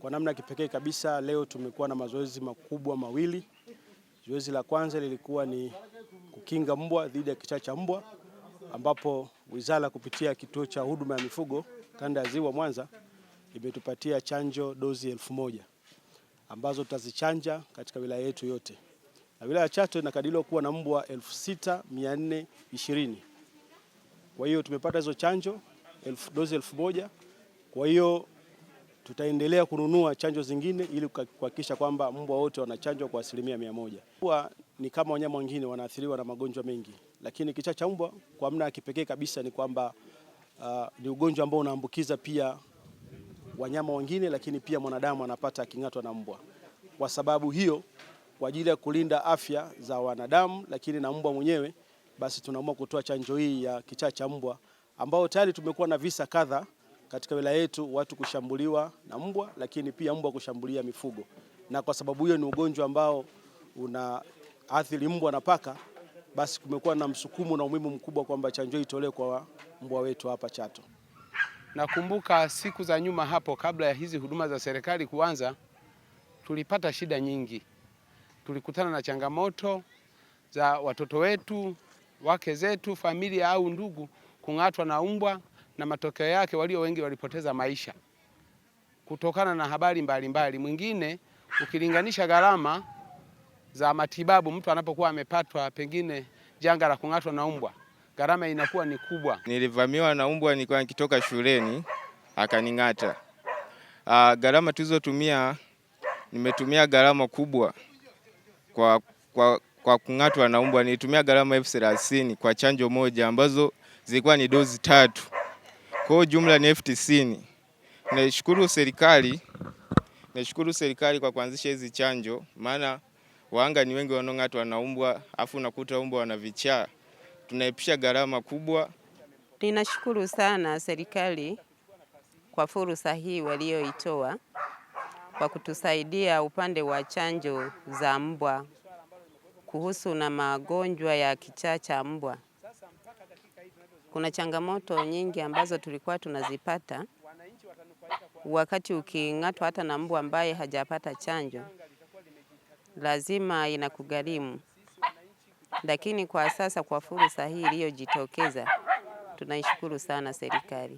Kwa namna kipekee kabisa leo tumekuwa na mazoezi makubwa mawili. Zoezi la kwanza lilikuwa ni kukinga mbwa dhidi ya kichaa cha mbwa, ambapo wizara kupitia kituo cha huduma ya mifugo kanda ya Ziwa Mwanza imetupatia chanjo dozi elfu moja ambazo tutazichanja katika wilaya yetu yote, na wilaya ya Chato inakadiriwa kuwa na mbwa 6420 kwa hiyo tumepata hizo chanjo dozi elfu moja kwa hiyo tutaendelea kununua chanjo zingine ili kuhakikisha kwamba mbwa wote wanachanjwa kwa asilimia mia moja. Mbwa ni kama wanyama wengine wanaathiriwa na magonjwa mengi, lakini kichaa cha mbwa kwa mna ya kipekee kabisa ni kwamba uh, ni ugonjwa ambao unaambukiza pia wanyama wengine, lakini pia mwanadamu anapata aking'atwa na mbwa. Kwa sababu hiyo, kwa ajili ya kulinda afya za wanadamu lakini na mbwa mwenyewe, basi tunaamua kutoa chanjo hii ya kichaa cha mbwa ambao tayari tumekuwa na visa kadha katika wilaya yetu watu kushambuliwa na mbwa, lakini pia mbwa kushambulia mifugo, na kwa sababu hiyo ni ugonjwa ambao una athiri mbwa na paka, basi kumekuwa na msukumo na umuhimu mkubwa kwamba chanjo itolewe kwa mbwa wetu hapa Chato. Nakumbuka siku za nyuma hapo, kabla ya hizi huduma za serikali kuanza, tulipata shida nyingi. Tulikutana na changamoto za watoto wetu, wake zetu, familia au ndugu kung'atwa na mbwa na matokeo yake walio wengi walipoteza maisha kutokana na habari mbalimbali. Mwingine ukilinganisha gharama za matibabu mtu anapokuwa amepatwa pengine janga la kung'atwa na mbwa, gharama inakuwa ni kubwa. Nilivamiwa na mbwa nilikuwa nikitoka shuleni akaning'ata. Uh, gharama tulizotumia, nimetumia gharama kubwa kwa, kwa, kwa kung'atwa na mbwa nilitumia gharama elfu thelathini kwa chanjo moja ambazo zilikuwa ni dozi tatu. Kwa hiyo jumla ni elfu tisini. Naishukuru serikali, naishukuru serikali kwa kuanzisha hizi chanjo, maana waanga ni wengi wanaong'atwa na mbwa, afu unakuta mbwa wana vichaa, tunaepisha gharama kubwa. Ninashukuru sana serikali kwa fursa hii walioitoa kwa kutusaidia upande wa chanjo za mbwa kuhusu na magonjwa ya kichaa cha mbwa. Kuna changamoto nyingi ambazo tulikuwa tunazipata wakati uking'atwa hata na mbu ambaye hajapata chanjo, lazima inakugharimu. Lakini kwa sasa, kwa fursa hii iliyojitokeza, tunaishukuru sana serikali.